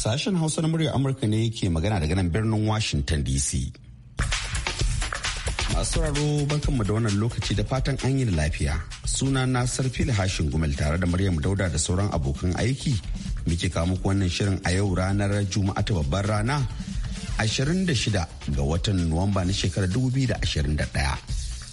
Sashen Hausa na murya Amurka ne yake magana da nan birnin Washington DC. Masu sauraro barkanmu da wannan lokaci da fatan an yi lafiya. Suna na Sarfil Hashin Gumel tare da Maryam Dauda da sauran abokan aiki. Muke kawo muku wannan shirin a yau ranar Juma'a ta babbar rana 26 ga watan Nuwamba na shekarar 2021.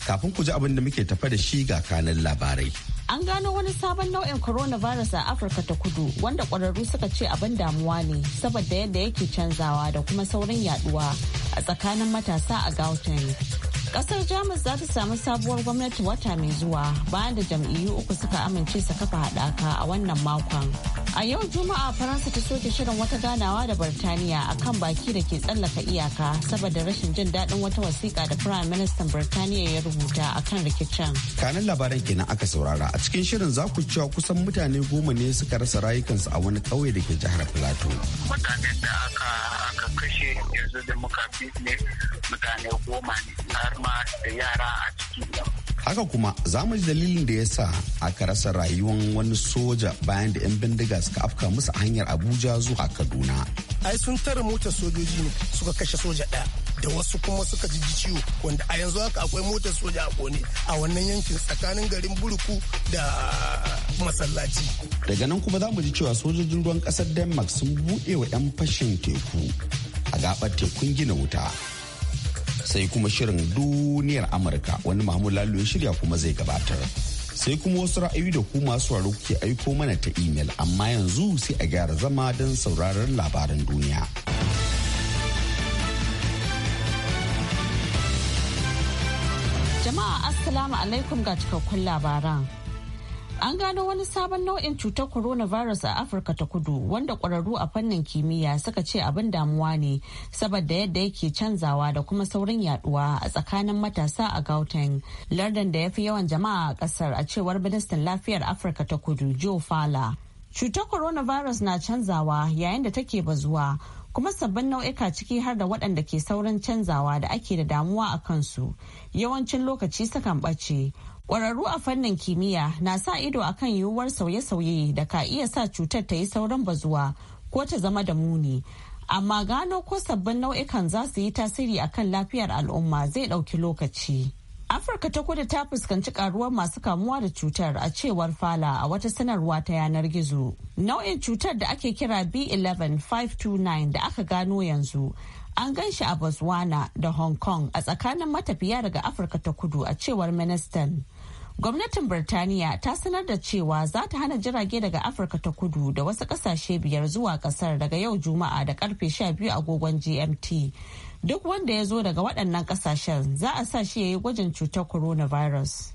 Kafin ku ji abin da muke tafa da shi ga kanin labarai. An gano wani sabon nau'in coronavirus a Afirka ta kudu wanda ƙwararru suka ce abin damuwa ne saboda yadda yake canzawa da kuma saurin yaduwa a tsakanin matasa a Gauteng. Kasar Jamus za ta samu sabuwar gwamnati wata mai zuwa bayan da jam'iyyu uku suka amince su kafa haɗaka a wannan makon. A yau Juma'a Faransa ta soke shirin wata ganawa da Birtaniya a kan baki da ke tsallaka iyaka saboda rashin jin daɗin wata wasiƙa da Firayim Ministan Birtaniya ya rubuta a kan rikicin. Kanin labaran kenan aka saurara a cikin shirin za ku cewa kusan mutane goma ne suka rasa rayukansu a wani ƙauye da ke jihar Filato. Mutanen da aka aka kashe yanzu da muka ne mutane goma ne har ma da yara a ciki. haka kuma za mu ji dalilin da ya sa aka rasa rayuwar wani soja bayan da 'yan bindiga suka afka musu a hanyar abuja zuwa kaduna ai sun tara motar sojoji ne suka kashe soja ɗaya da wasu kuma suka ji ciwo wanda a yanzu haka akwai motar soja a kone a wannan yankin tsakanin garin buruku da masallaci daga nan kuma za mu ji cewa sojojin ruwan ƙasar denmark sun buɗe wa 'yan fashin teku a gaɓar tekun gina wuta sai kuma shirin duniyar amurka wani mahmud lalu ya shirya kuma zai gabatar sai kuma wasu ra'ayi da ku masu sauraro ke aiko mana ta imel amma yanzu sai a gyara zama don sauraron labaran duniya jama'a assalamu alaikum ga cikakkun labaran An gano wani sabon nau'in cutar coronavirus a Afirka ta kudu wanda kwararru a fannin kimiyya suka ce abin damuwa ne saboda yadda yake canzawa da kuma saurin yaduwa a tsakanin matasa a Gauteng, lardin da ya fi yawan jama'a a ƙasar a cewar ministan lafiyar Afirka ta kudu Joe Fala. Cutar coronavirus na canzawa yayin da take bazuwa kuma sabbin nau'ika ciki har da waɗanda ke saurin canzawa da ake da damuwa a kansu yawancin lokaci sukan ɓace. Ƙwararru a fannin kimiyya na sa ido a kan yiwuwar sauye-sauye da ka iya sa cutar ta yi sauran bazuwa ko ta zama da muni. Amma gano ko sabbin nau'ikan za su yi tasiri a kan lafiyar al'umma zai ɗauki lokaci. Afirka ta kudu ta fuskanci karuwar masu kamuwa da cutar a cewar Fala a wata sanarwa ta yanar gizo. Nau'in cutar da ake kira B11529 da aka gano yanzu an gan shi a Botswana da Hong Kong a tsakanin matafiya daga Afirka ta kudu a cewar ministan. gwamnatin birtaniya ta sanar da cewa za ta hana jirage daga afirka ta kudu da wasu kasashe biyar zuwa kasar daga yau juma'a da karfe 12 agogon gmt duk wanda ya zo daga waɗannan kasashen za a sa shi ya yi gwajin cutar coronavirus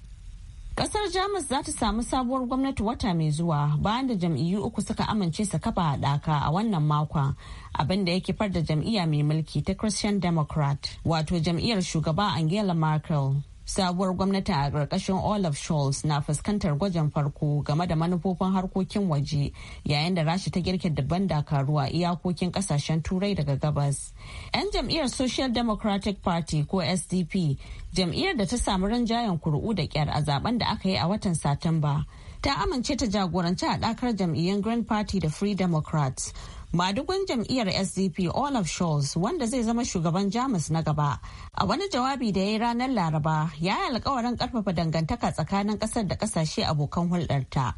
kasar jamus za ta samu sabuwar gwamnati wata mai zuwa bayan da jam'iyyu uku suka amince su kafa haɗaka a wannan makon abin da yake far da jam'iyya mai mulki ta christian democrat wato jam'iyyar shugaba angela merkel sabuwar gwamnati a ƙarƙashin olaf scholz na fuskantar gwajin farko game da manufofin harkokin waje yayin da rashi ta girke daban dakaru a iyakokin ƙasashen turai daga gabas 'yan jam'iyyar social democratic party ko sdp jam'iyyar da ta samu rinjayen kuri'u da kyar a zaben da aka yi a watan satumba ta amince ta jagoranci dakar jam'iyyun green party da free democrats madugun jam'iyyar sdp olaf scholz wanda zai zama shugaban jamus na gaba a wani jawabi da ya yi ranar laraba ya yi alkawarin karfafa dangantaka tsakanin kasar da kasashe abokan hulɗarta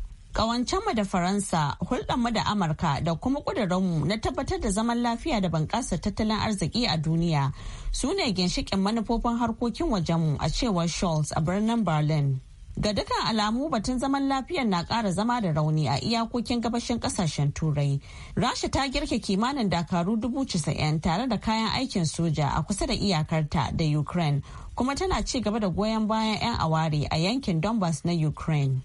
mu da faransa mu da amurka da kuma ƙudurinmu na tabbatar da zaman lafiya da bunƙasar tattalin arziki a duniya su ne ginshiƙin manufofin harkokin wajenmu a cewar scholz a birnin berlin Ga dukkan alamu batun zaman lafiyar na ƙara zama da rauni a iyakokin gabashin ƙasashen Turai. Rasha ta girke kimanin dakaru dubu casa'in tare da kayan aikin soja a kusa da iyakarta da Ukraine kuma tana ci gaba da goyon bayan 'yan aware a yankin Donbass na Ukraine.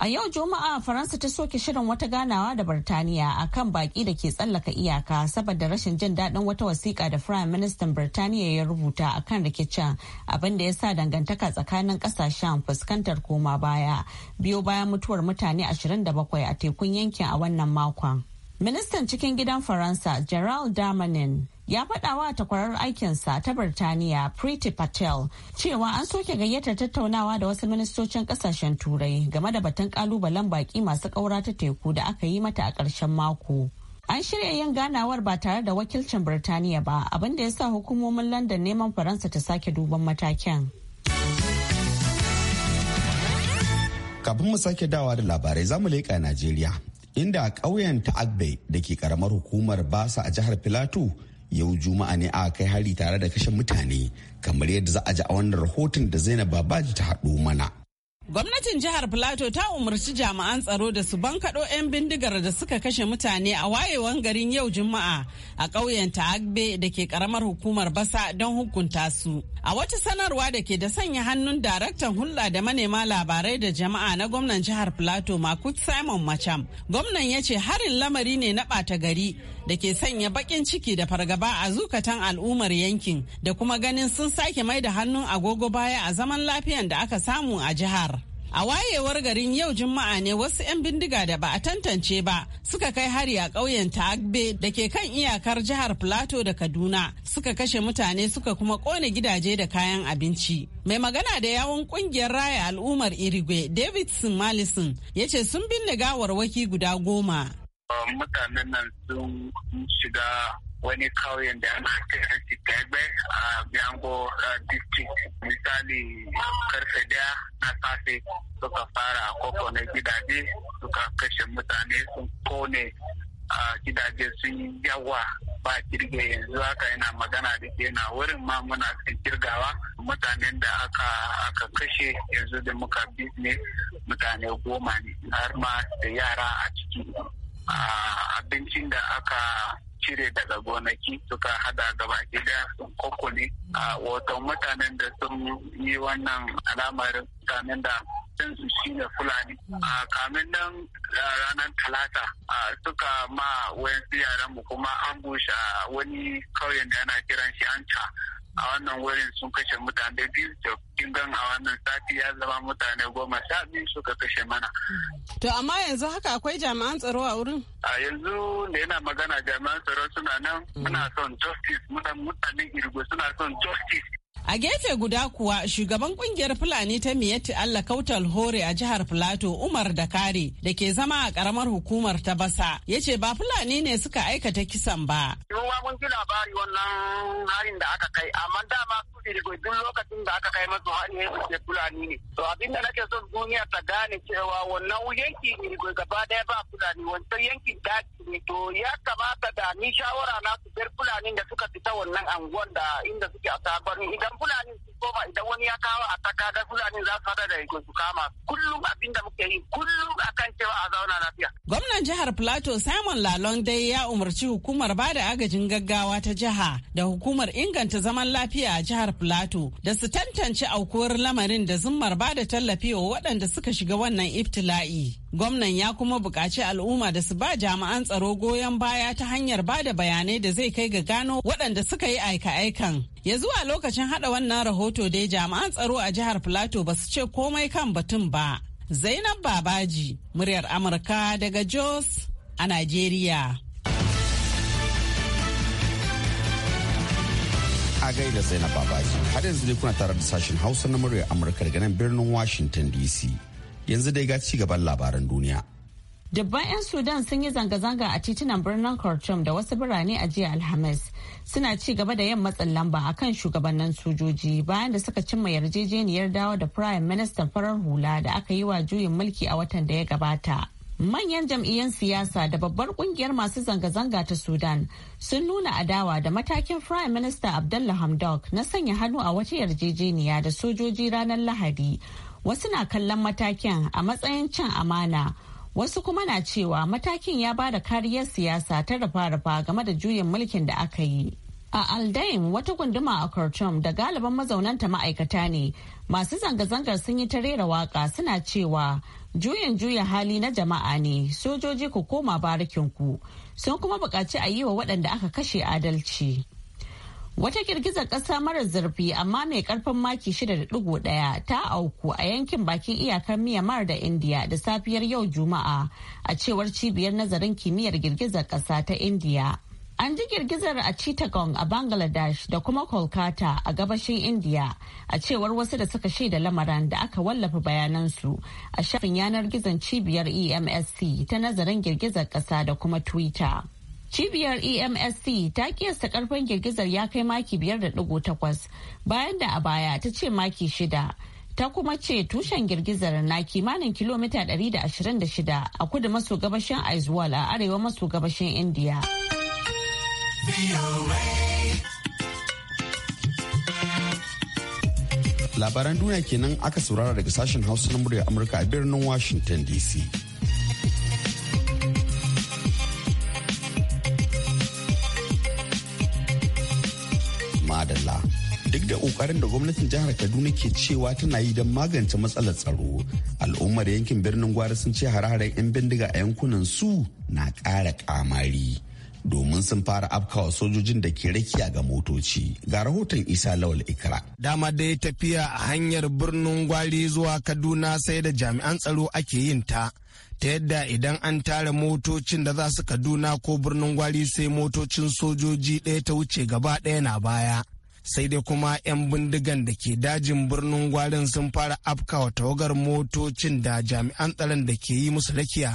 A yau Juma'a Faransa ta soke shirin wata ganawa da Birtaniya a kan baki da ke tsallaka iyaka saboda rashin jin daɗin wata wasiƙa da Firayim Ministan Birtaniya ya rubuta a kan rikicin abin da ya sa dangantaka tsakanin ƙasashen fuskantar koma baya biyo bayan mutuwar mutane 27 a tekun yankin a wannan makon. Ministan cikin gidan Faransa Gerald Damanin ya faɗawa takwarar aikinsa ta Birtaniya Priti Patel cewa an soke gayyatar tattaunawa da wasu ministocin kasashen turai game da batun kalubalen baki masu ƙaura ta teku da aka yi mata a ƙarshen mako. An shirya yin ganawar ba tare da wakilcin Birtaniya ba abin da ya sa hukumomin London neman Faransa ta sake duban matakin. Kafin mu sake dawa da labarai zamu leƙa Najeriya inda ƙauyen ta Agbe da ke ƙaramar hukumar Basa a jihar Filato yau juma'a ne aka kai hari tare da kashe mutane kamar yadda za a ji a wannan rahoton da zainab babaji ta haɗo mana Gwamnatin jihar plateau ta umarci jami'an tsaro da su bankaɗo 'yan bindigar da suka kashe mutane a wayewan garin yau Juma'a a ƙauyen ta Ta'agbe da ke ƙaramar hukumar Basa don hukunta su. A wata sanarwa da ke da sanya hannun daraktan hulɗa da manema labarai da jama'a na gwamnan jihar Plateau Makut Simon Macham, gwamnan ya ce harin lamari ne na ɓata gari da ke sanya baƙin ciki da fargaba a zukatan al'ummar yankin da kuma ganin sun sake mai da hannun agogo baya a zaman lafiyan da aka samu a jihar. A wayewar garin yau Juma'a ne wasu 'yan bindiga da ba a tantance ba suka kai hari a ƙauyen Ta'agbe da ke kan iyakar jihar Plateau da Kaduna suka kashe mutane suka kuma ƙone gidaje da kayan abinci. Mai magana da yawon ƙungiyar raya al'ummar Irigwe Davidson Malison ya ce sun binne gawarwaki guda goma. Mutanen nan sun shiga wani kauyen da ana kiran shi Tegbe a Biango district misali karfe daya na safe suka fara koko na gidaje suka kashe mutane sun kone a gidaje sun yawa ba kirge yanzu haka yana magana da ke na wurin ma muna sun kirgawa mutanen da aka kashe yanzu da muka ne mutane goma ne har ma da yara a ciki abincin da aka cire daga gonaki suka hada gaba gida sun kokule a wata mutanen da sun yi wannan alamar mutanen da su shine fulani a kamin nan ranar talata suka ma wayan yaran mu kuma an bushe wani kauyen da yana kiran shi anta a wannan wurin sun kashe mutane biyu da kingan a wannan sati ya zama mutane goma sha biyu suka kashe mana. To amma yanzu haka akwai jami'an tsaro a wurin? A yanzu da yana magana jami'an tsaro suna nan muna son justice mutanen Irgo suna son justice A gefe guda kuwa shugaban kungiyar Fulani ta Miyatti Allah Kautal Hore a jihar Filato Umar Dakare da ke zama a karamar hukumar ta Basa ya ce ba Fulani ne suka aikata kisan ba. yunwa mun ji labari wannan harin da aka kai amma dama su ne duk lokacin da aka kai masu hari ne suke Fulani ne. To abinda nake son duniya ta gane cewa wannan yanki ne gaba daya ba Fulani wancan yankin daji ne to ya kamata da ni shawara na su bar Fulani da suka fita wannan anguwan da inda suke a sabon idan fulani su koma idan wani ya kawo a taka fulani za su hada da riko su kama kullum abinda muke yi kullum akan cewa a zauna lafiya. Gwamnan jihar Plateau Simon Lalong dai ya umarci hukumar ba da agajin gaggawa ta jiha da hukumar inganta zaman lafiya a jihar Plateau da su tantance aukuwar lamarin da zummar ba da tallafi wa waɗanda suka shiga wannan iftila'i. Gwamnan ya kuma buƙaci al'umma da su ba jami'an tsaro goyon baya ta hanyar ba da bayanai da zai kai ga gano waɗanda suka yi aika-aikan Ya zuwa lokacin hada wannan rahoto dai jami'an tsaro a jihar Filato ba su ce komai kan batun ba. Zainab Babaji, muryar Amurka daga Jos a Najeriya. A gaida Zainab Babaji, har yanzu dai kuna tare da sashen Hausa na muryar Amurka daga nan birnin Washington DC. Yanzu dai ga ci gaban labaran duniya. Dubban 'yan Sudan sun yi zanga-zanga a titunan birnin Khartoum da wasu birane a jiya Alhamis. Suna ci gaba da yin matsin lamba a kan shugabannin sojoji bayan da suka cimma yarjejeniyar dawo da Prime Minister farar hula da aka yi wa juyin mulki a watan da ya gabata. Manyan jam'iyyar siyasa da babbar kungiyar masu zanga-zanga ta Sudan sun nuna adawa da matakin Prime Minister Abdullah Hamdok na sanya hannu a wata yarjejeniya da sojoji ranar Lahadi. Wasu na kallon matakin a matsayin cin amana. Wasu kuma na cewa matakin ya ba da kariyar siyasa ta rafa-rafa game da juyin mulkin da aka yi. A Aldaim wata gunduma a Khartoum da galiban mazaunanta ma'aikata ne masu zanga-zangar sun yi ta rera waka suna cewa juyin juya hali na jama'a ne sojoji ku koma barikinku sun kuma buƙaci a yi wa waɗanda aka kashe adalci. Wata girgizar ƙasa mara zurfi amma mai ƙarfin maki 6.1 ta auku a yankin bakin iyakar miyamar da India da safiyar yau Juma'a a cewar cibiyar nazarin kimiyyar girgizar ƙasa ta India. An ji girgizar a Chittagong a Bangladesh da kuma Kolkata a gabashin India a cewar wasu da suka shaida lamarin da aka wallafa bayanansu a shafin yanar gizon cibiyar EMSC ta nazarin girgizar ƙasa da kuma Twitter. Cibiyar EMSC ta kiyasta karfin girgizar ya kai maki 5.8 bayan da a baya ta ce maki 6. Ta kuma ce tushen girgizar na kimanin kilomita 126 a kudu maso gabashin Aizuwal a arewa maso gabashin indiya Labaran duniya kenan aka saurara daga sashen hausa na murya Amurka a birnin Washington DC. kokarin da gwamnatin jihar kaduna ke cewa tana yi don magance matsalar tsaro al'ummar yankin birnin gwari sun ce hare 'yan bindiga a yankunan su na ƙara kamari domin sun fara afkawa sojojin da ke rakiya ga motoci ga rahoton isa lawal ikra dama dai tafiya a hanyar birnin gwari zuwa kaduna sai da jami'an tsaro ake yin ta ta yadda idan an tara motocin da za su kaduna ko birnin gwari sai motocin sojoji ɗaya ta wuce gaba ɗaya na baya sai dai kuma 'yan bindigan da ke dajin birnin gwarin sun fara afka wa tawagar motocin da jami'an tsaron da ke yi musu rakiya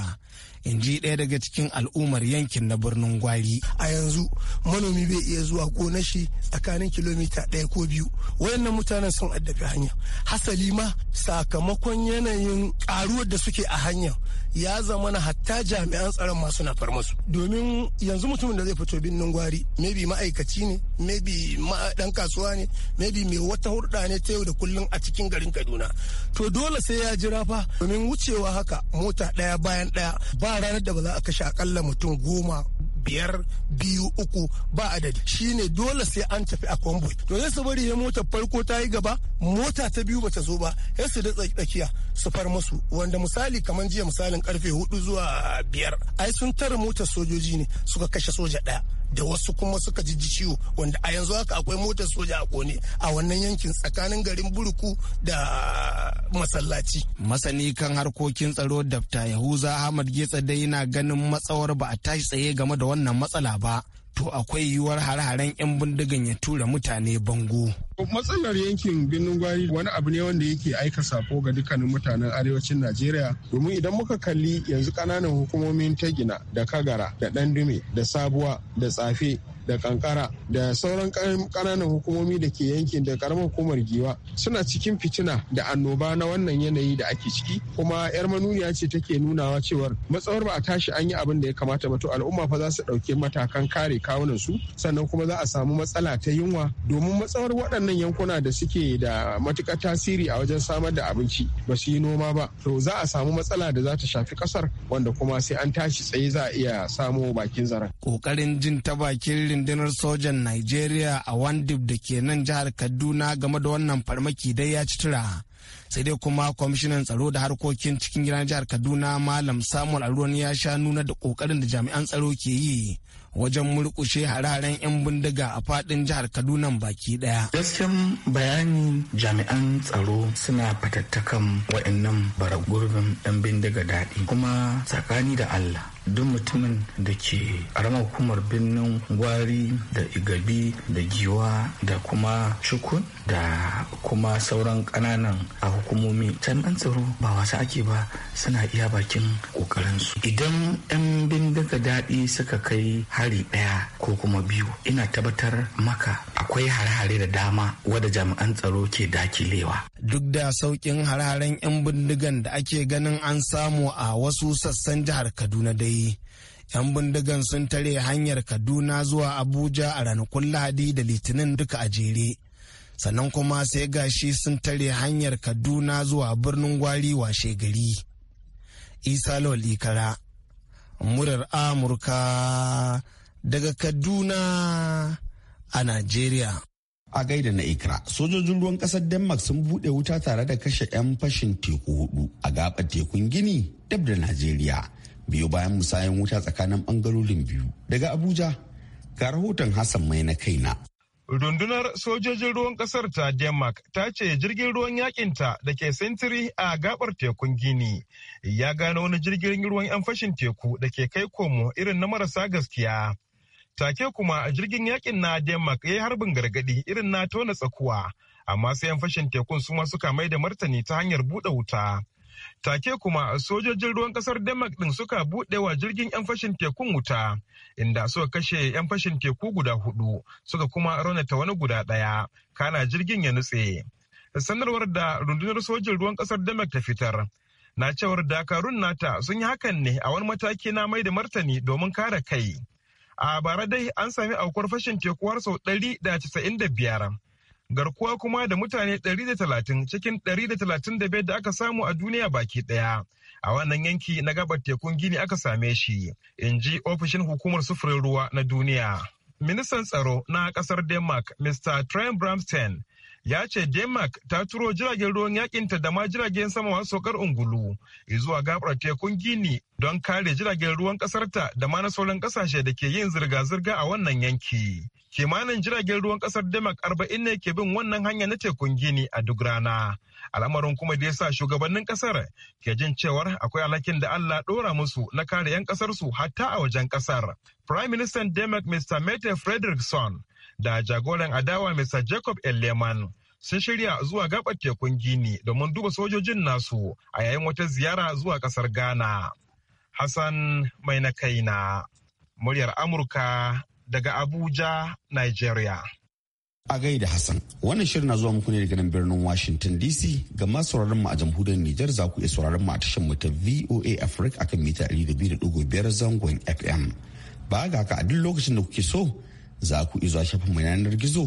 in ji ɗaya daga cikin al'ummar yankin na birnin gwari a yanzu manomi bai iya zuwa gonar shi tsakanin kilomita ɗaya ko biyu wayannan mutanen sun addabi hanya hasali ma sakamakon yanayin ƙaruwar da suke a hanyar. ya zama na hatta jami'an tsaron masu na far musu domin yanzu mutumin da zai fito binnin gwari maybe ma'aikaci ne maybe ma'adan kasuwa ne maybe mai wata hurɗa ne ta yau da kullum a cikin garin kaduna to dole sai ya jira fa domin wucewa haka mota ɗaya bayan ɗaya ba ranar da ba za a kashe akalla mutum goma biyar biyu uku ba adadi shine dole sai an tafi a convoy to sai su bari ya mota farko ta yi gaba mota ta biyu bata zo ba sai su da tsakiya su far musu wanda misali kamar jiya misalin karfe hudu zuwa biyar ai sun tara motar sojoji ne suka kashe soja daya da wasu kuma suka ji ciwo wanda a yanzu haka akwai motar soja a kone a wannan yankin tsakanin garin buruku da masallaci masani kan harkokin tsaro dafta yahuza ahmad getsa dai na ganin matsawar ba a tashi tsaye game da wannan matsala ba to akwai yiwuwar har-haren 'yan bindigan ya tura mutane bango matsalar yankin birnin gwari wani abu ne wanda yake aika sako ga dukkanin mutanen arewacin najeriya domin idan muka kalli yanzu kananan hukumomin tagina da kagara da dandume da sabuwa da tsafe da kankara da sauran kananan hukumomi da ke yankin da karamar hukumar giwa suna cikin fitina da annoba na wannan yanayi da ake ciki kuma yar manuniya ce take nunawa cewar matsawar ba a tashi an yi abin da ya kamata ba to al'umma fa za su ɗauki matakan kare kawunan su sannan kuma za a samu matsala ta yunwa domin matsawar waɗannan waɗannan yankuna da suke da matuƙar tasiri a wajen samar da abinci ba su yi noma ba to za a samu matsala da za ta shafi ƙasar wanda kuma sai an tashi tsaye za a iya samo bakin zaren. Ƙoƙarin jin ta bakin rundunar sojan Najeriya a Wandib da ke nan jihar Kaduna game da wannan farmaki dai ya ci tura. sai dai kuma kwamishinan tsaro da harkokin cikin gidan jihar kaduna malam samuel aruwan ya sha nuna da kokarin da jami'an tsaro ke yi wajen murkushe hararen 'yan bindiga a fadin jihar kaduna baki ɗaya. gaskiyan bayani jami'an tsaro suna fatattakan wa'annan baragurbin 'yan bindiga daɗi kuma tsakani da allah duk mutumin da ke ƙaramar hukumar birnin gwari da igabi da giwa da kuma shukun da kuma sauran ƙananan a hukumomi jami'an tsaro ba wasa ake ba suna iya bakin ƙoƙarinsu idan 'yan bindiga daɗi suka kai hari ɗaya ko kuma biyu ina tabbatar maka akwai hare da dama wadda jami'an tsaro ke dakilewa duk da sauƙin hare-haren 'yan bindigan da ake ganin an samu a wasu sassan jihar kaduna dai 'yan bindigan sun tare hanyar kaduna zuwa abuja a ranakun lahadi da litinin duka a jere sannan kuma sai gashi sun tare hanyar kaduna zuwa birnin gwari washe gari isa lawal murar amurka daga kaduna a najeriya a gaida na ikra sojojin ruwan kasar denmark sun bude wuta tare da kashe 'yan fashin teku hudu a gabar tekun gini dab da najeriya biyu bayan musayan wuta tsakanin bangarorin biyu daga abuja ga rahoton hassan mai na kaina Rundunar sojojin ruwan kasar ta Denmark ta ce jirgin ruwan yakinta da ke sentiri a gabar tekun Gini ya gano wani jirgin ruwan 'yan fashin teku da ke kai komo irin na marasa gaskiya. Take kuma jirgin yakin na Denmark ya yi harbin gargadi irin na tona tsakuwa, amma sai 'yan fashin tekun su ma suka mai da martani ta hanyar buɗe wuta. take kuma sojojin ruwan kasar denmark ɗin suka buɗe wa jirgin 'yan fashin tekun wuta inda suka kashe 'yan fashin teku guda hudu suka kuma raunata wani guda ɗaya kana jirgin ya nutse sanarwar da rundunar sojin ruwan kasar denmark ta fitar na cewar dakarun nata sun yi hakan ne a wani mataki na mai da martani domin kare kai a bara dai an sami aukuwar fashin teku har sau ɗari da da biyar. garkuwa kuma da mutane 130 cikin 135 da aka samu a duniya baki daya. A wannan yanki na gabar tekun Gini aka same shi, in ji ofishin hukumar sufurin ruwa na duniya. Ministan tsaro na kasar Denmark, Mr. Trent Bramstein, ya ce denmark ta turo jiragen ruwan yakinta da ma jiragen sama masu saukar ungulu zuwa gabar tekun gini don kare jiragen ruwan kasarta da ma na sauran kasashe da ke yin zirga-zirga a wannan yanki kimanin jiragen ruwan kasar denmark arba'in ne ke bin wannan hanya na tekun gini a duk rana al'amarin kuma da ya sa shugabannin kasar ke jin cewar akwai alhakin da allah ɗora musu na kare 'yan kasarsu hatta a wajen kasar prime minister denmark mr mette frederickson da jagoran adawa mr jacob elleman sun shirya zuwa gabar tekun gini domin duba sojojin nasu a yayin wata ziyara zuwa kasar ghana hassan mai na kaina muryar amurka daga Abuja, Nigeria. A gaida Hassan, wannan shirin na zuwa muku ne daga nan birnin Washington DC ga masu sauraron mu a jamhuriyar Nijar za ku iya sauraron mu a tashar mu ta VOA Africa akan mita 200.5 zangon FM. Ba ga haka a duk lokacin da kuke so za ku iya zuwa shafin mu yanar gizo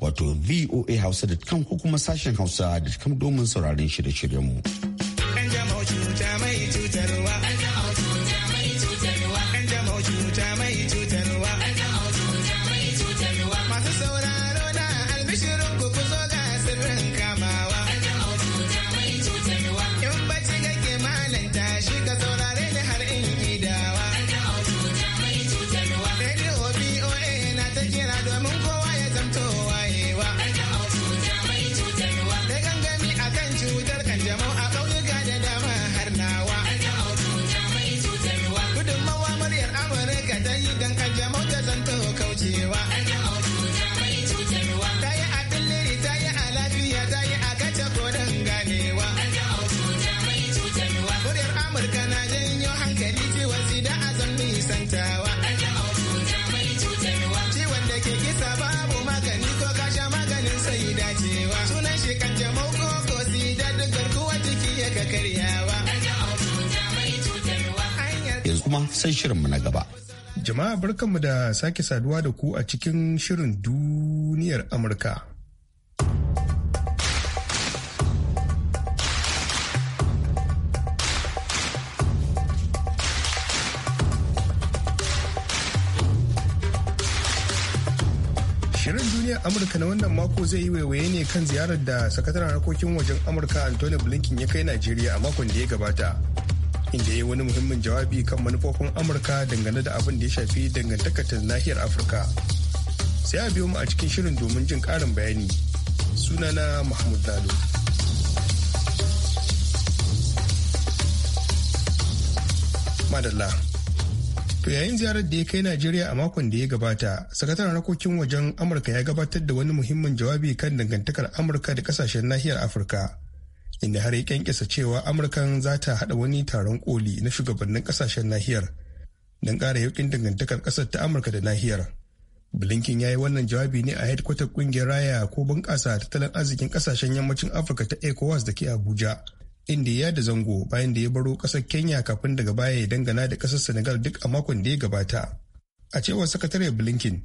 wato voahausa.com ko kuma sashen hausa.com domin sauraron shirye-shiryen mu. da karyawa. Yanzu kuma sai shirinmu na gaba. Jama'a barkanmu da sake saduwa da ku a cikin shirin duniyar Amurka. amurka na wannan mako zai yi waiwaye ne kan ziyarar da sakataren harkokin wajen amurka antony blinken ya kai najeriya a makon da ya gabata inda ya yi wani muhimmin jawabi kan manufofin amurka dangane da abin da ya shafi dangantakar nahiyar afirka sai a biyo mu a cikin shirin domin jin karin bayani sunana mahmud lalo madalla To yayin ziyarar da ya kai Najeriya a makon da ya gabata, sakataren harkokin wajen Amurka ya gabatar da wani muhimmin jawabi kan dangantakar Amurka da kasashen nahiyar Afirka. Inda har ya kyankyasa cewa Amurkan za ta haɗa wani taron koli na shugabannin kasashen nahiyar don ƙara yaukin dangantakar ƙasar ta Amurka da nahiyar. Blinken ya yi wannan jawabi ne a headquarter ƙungiyar raya ko bunƙasa tattalin arzikin ƙasashen yammacin Afirka ta ECOWAS da ke Abuja. inda ya da zango bayan da ya baro ƙasar kenya kafin daga baya ya dangana da ƙasar senegal duk a makon da ya gabata a cewar sakatare blinken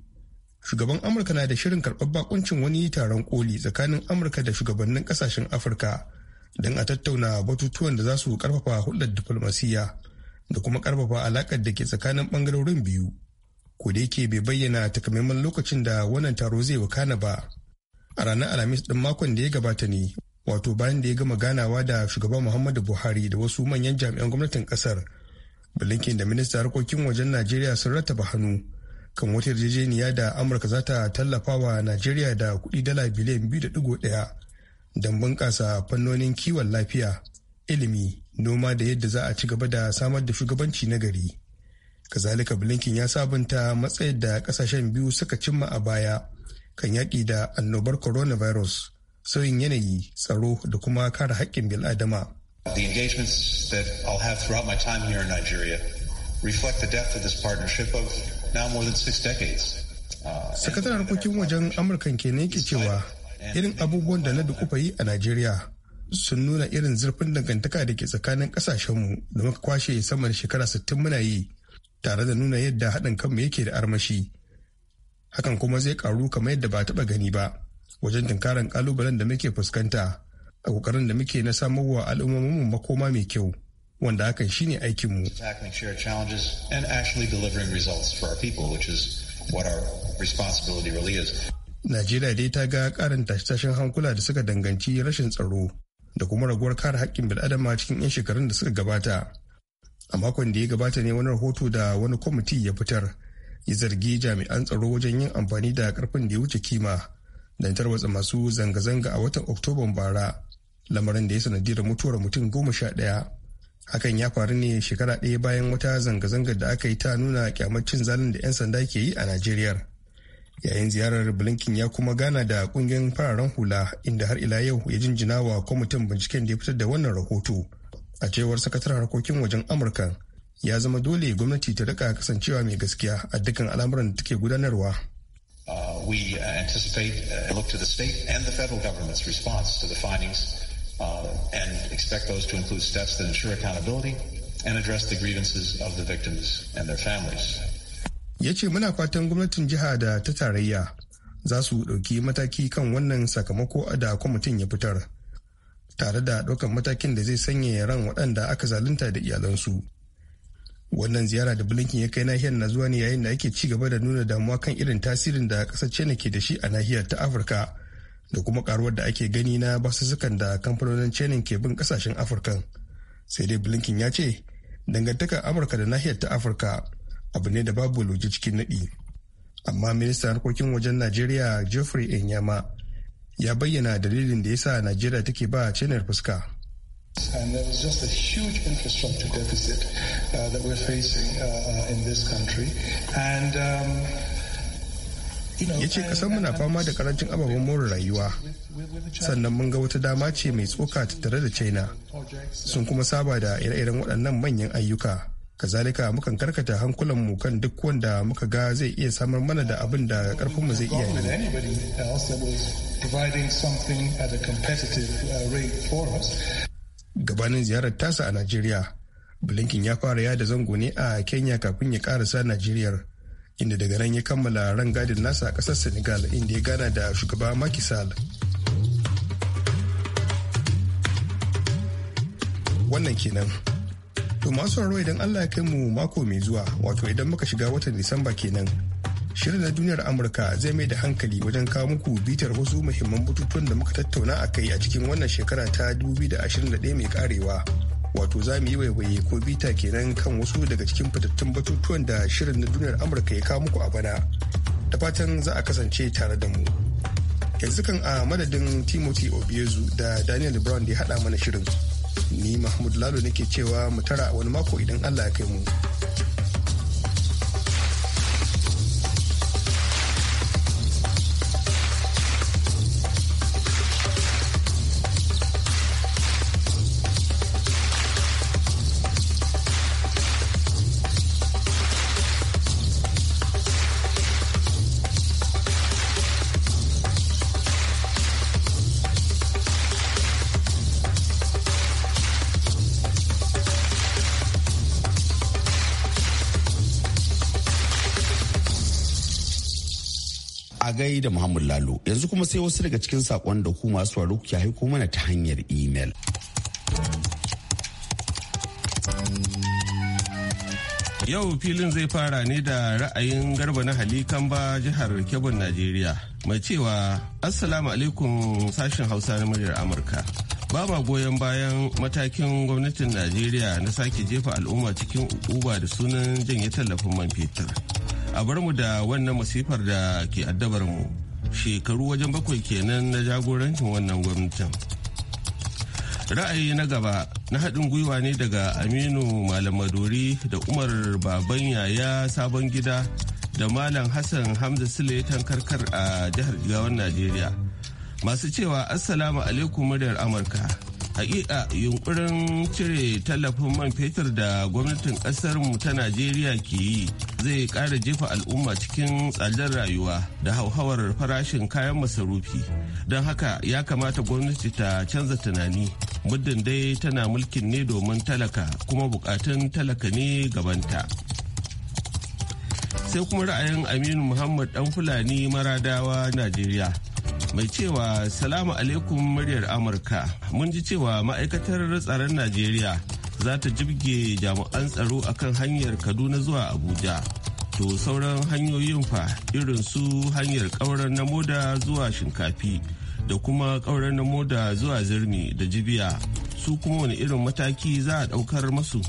shugaban amurka na da shirin karɓar bakuncin wani taron koli tsakanin amurka da shugabannin ƙasashen afirka don a tattauna batutuwan da za su karfafa hulɗar diflomasiyya da kuma karfafa alakar da ke tsakanin bangarorin biyu ko da yake bai bayyana takamaiman lokacin da wannan taro zai wakana ba a ranar alhamis ɗin makon da ya gabata ne wato bayan da ya gama ganawa da shugaban muhammadu buhari da wasu manyan jami'an gwamnatin kasar blinken da minista harkokin wajen najeriya sun rattaba hannu kan wata yarjejeniya da amurka za ta tallafa wa najeriya da kuɗi dala biliyan 2.1 don bunƙasa fannonin kiwon lafiya ilimi noma da yadda za a ci gaba da samar da shugabanci na gari kazalika bilinkin ya sabunta matsayar da kasashen biyu suka cimma a baya kan yaƙi da annobar coronavirus sauyin yanayi tsaro da kuma kare haƙƙin bil'adama. The engagements that I'll have throughout my time here in Nigeria reflect the depth of this partnership of now more than six decades. Uh, Sakatar harkokin wajen Amurkan ke ne ke cewa irin abubuwan da na dukufa yi a Najeriya sun nuna irin zurfin dangantaka da ke tsakanin kasashenmu da muka kwashe sama da shekara 60 muna yi tare da nuna yadda haɗin kanmu yake da armashi. Hakan kuma zai karu kamar yadda ba taɓa gani ba. wajen tunkarar kalubalen da muke fuskanta a kokarin da muke na samarwa al'ummomin makoma mai kyau wanda hakan shine aikinmu. Najeriya dai ta ga karin tashe-tashen hankula da suka danganci rashin tsaro da kuma raguwar kare haƙƙin bil'adama cikin 'yan shekarun da suka gabata. A makon da ya gabata ne wani rahoto da wani kwamiti ya fitar ya zargi jami'an tsaro wajen yin amfani da karfin da ya wuce kima don tarwatsa masu zanga-zanga a watan oktoban bara lamarin da ya sanadiyar mutuwar mutum goma sha ɗaya hakan ya faru ne shekara ɗaya bayan wata zanga-zangar da aka yi ta nuna kyamacin zalin da 'yan sanda ke yi a najeriya yayin ziyarar blinken ya kuma gana da kungiyar fararen hula inda har ila yau ya jinjina wa kwamitin binciken da ya fitar da wannan rahoto a cewar sakataren harkokin wajen amurka ya zama dole gwamnati ta rika kasancewa mai gaskiya a dukkan al'amuran da take gudanarwa Uh, we uh, anticipate, uh, look to the state and the federal government's response to the findings uh, and expect those to include steps that ensure accountability and address the grievances of the victims and their families. Ya ce muna fatan gwamnatin jiha da ta tarayya za su ɗauki mataki kan wannan sakamako da kwamitin ya fitar, tare da ɗaukan matakin da zai sanya ran waɗanda aka zalunta da iyalansu. wannan ziyara da blinken ya kai nahiyar na zuwa ne yayin da ake ci gaba da nuna damuwa kan irin tasirin da kasar china ke da shi a nahiyar ta afirka da kuma karuwar da ake gani na basussukan da kamfanonin china ke bin kasashen afirka sai dai blinken ya ce dangantakar amurka da nahiyar ta afirka abu ne da babu loji cikin nadi amma ministan harkokin wajen najeriya geoffrey enyama ya bayyana dalilin da ya sa najeriya take ba china fuska And there was just a huge infrastructure deficit uh, that we're facing uh, uh in this country. And um, na fama da karancin ababen more rayuwa sannan mun ga wata dama ce mai tsoka tattare da china sun kuma saba da ire-iren waɗannan manyan ayyuka kazalika mukan karkata hankulanmu kan duk wanda muka ga zai iya samar mana da abin da karfinmu zai iya yi gabanin ziyarar tasa a najeriya blinken ya fara yada zango ne a kenya kafin ya karasa najeriyar inda daga nan ya kammala rangadin nasa a kasar senegal inda ya gana da shugaba makisal wannan kenan to masu idan allah ya kai mu mako mai zuwa wato idan muka shiga watan disamba kenan shirin na duniyar amurka zai mai da hankali wajen kawo muku bitar wasu muhimman batutuwan da muka tattauna a kai a cikin wannan shekara ta 2021 mai karewa wato za mu yi waiwaye ko bita kenan kan wasu daga cikin fitattun batutuwan da shirin na duniyar amurka ya kawo muku a bana da fatan za a kasance tare da mu yanzu kan a madadin timothy obiezu da daniel brown da ya hada mana shirin ni mahmud lalo nake cewa mu tara wani mako idan allah ya kai mu yi da Muhammad Lalo. Yanzu kuma sai wasu daga cikin sakon da ku masu waro kuke haiko mana ta hanyar email. Yau filin zai fara ne da ra'ayin garba na halikan ba jihar Kebun Najeriya. Mai cewa Assalamu alaikum sashen Hausa na muryar Amurka. ba ma goyon bayan matakin gwamnatin najeriya na sake jefa al'umma cikin uba da sunan janye tallafin man fetur a bar mu da wannan masifar da ke addabar mu shekaru wajen bakwai kenan na jagorancin wannan gwamnatin ra'ayi na gaba na haɗin gwiwa ne daga aminu malam da umar baban yaya sabon gida da malam hassan hamza sule tankarkar a jihar jigawan najeriya masu cewa assalamu alaikum muryar amurka hakika yunkurin cire tallafin man fetur da gwamnatin ƙasarmu ta najeriya ke yi zai ƙara jefa al'umma cikin tsadar rayuwa da hauhawar farashin kayan masarufi don haka ya kamata gwamnati ta canza tunani muddin dai tana mulkin ne domin talaka kuma bukatun talaka ne gabanta sai kuma ra'ayin aminu muhammad dan fulani maradawa najeriya mai cewa salamu alaikum muryar amurka mun ji cewa ma'aikatar tsaron najeriya za ta jibge jami'an tsaro akan hanyar kaduna zuwa abuja to sauran hanyoyin fa irin su hanyar kauran na moda zuwa shinkafi da kuma kauran na moda zuwa zirni da jibiya su kuma wani irin mataki za a daukar masu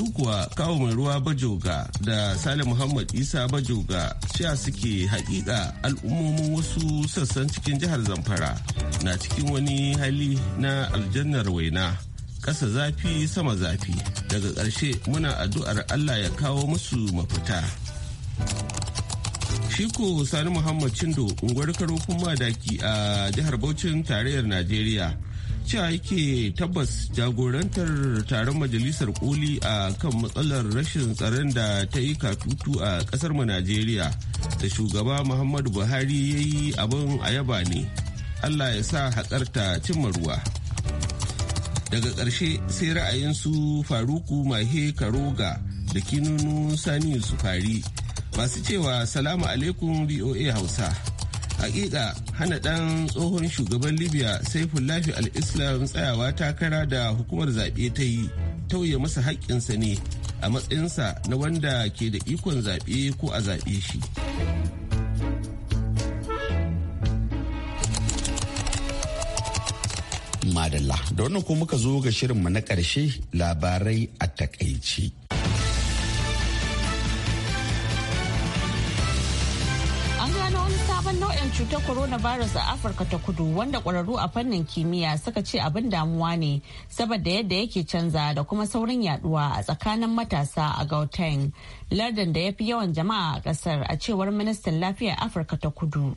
su kuwa kawo mai ruwa bajoga da sale muhammad isa bajoga cewa suke hakika al'ummomin wasu sassan cikin jihar zamfara na cikin wani hali na aljannar waina ƙasa zafi sama zafi daga ƙarshe muna addu'ar allah ya kawo musu mafita shiko sani muhammad cindo unguwar karofin madaki a jihar Bauchin tarayyar najeriya cewa yake tabbas jagorantar taron majalisar koli a kan matsalar rashin tsaron da ta yi katutu a kasar mu najeriya da shugaba muhammadu buhari ya yi abin ayaba ne allah ya sa haƙar ta cimma ruwa daga ƙarshe sai ra'ayin su faruku mahe karoga da kinunu sani su fari masu cewa salamu alaikum voa hausa hakika hana dan tsohon shugaban libya saifullahi al-islam tsayawa takara da hukumar zaɓe ta yi tauye masa haƙƙinsa ne a matsayinsa na wanda ke da ikon zaɓe ko a zaɓe shi madalla da wannan ko muka zo ga shirinmu na ƙarshe labarai a takaici sabon nau'in cutar coronavirus a Afirka ta kudu wanda kwararru a fannin kimiyya suka ce abin damuwa ne saboda yadda yake canza da kuma saurin yaduwa a tsakanin matasa a Gauteng, lardin da ya fi yawan jama'a a kasar a cewar ministan lafiya Afirka ta kudu.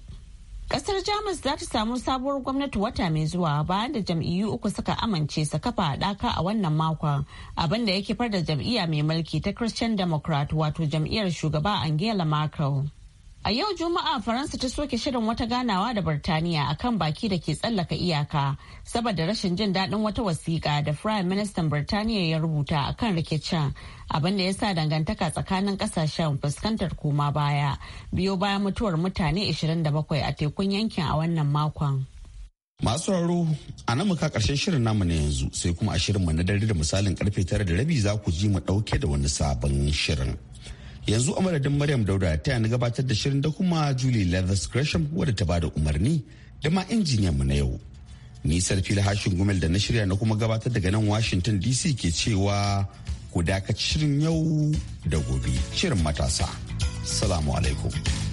Kasar Jamus za ta samu sabuwar gwamnati wata mai zuwa bayan da jam'iyyu uku suka amince su kafa haɗaka a wannan makon abin da ya kifar da jam'iyya mai mulki ta Christian Democrat wato jam'iyyar shugaba Angela Merkel. A yau Juma'a Faransa ta soke shirin wata ganawa da Birtaniya a kan baki da ke tsallaka iyaka saboda rashin jin daɗin wata wasiƙa da Prime Minister Birtaniya ya rubuta a kan rikicin abinda ya sa dangantaka tsakanin ƙasashen fuskantar koma baya biyo bayan mutuwar mutane 27 a tekun yankin a wannan makon. Masu sauraro a nan muka karshen shirin namu na yanzu sai kuma a shirin mu na dare da misalin karfe tara da rabi za ku ji mu ɗauke da wani sabon shirin. yanzu a madadin maryam dauda ta yana gabatar da shirin da kuma julie leathers gresham wadda ta bada umarni da ma injiniyan mu na yau nisar fili hashin gumel da na shirya na kuma gabatar daga nan washington dc ke cewa ku dakaci shirin yau da gobe shirin matasa salamu alaikum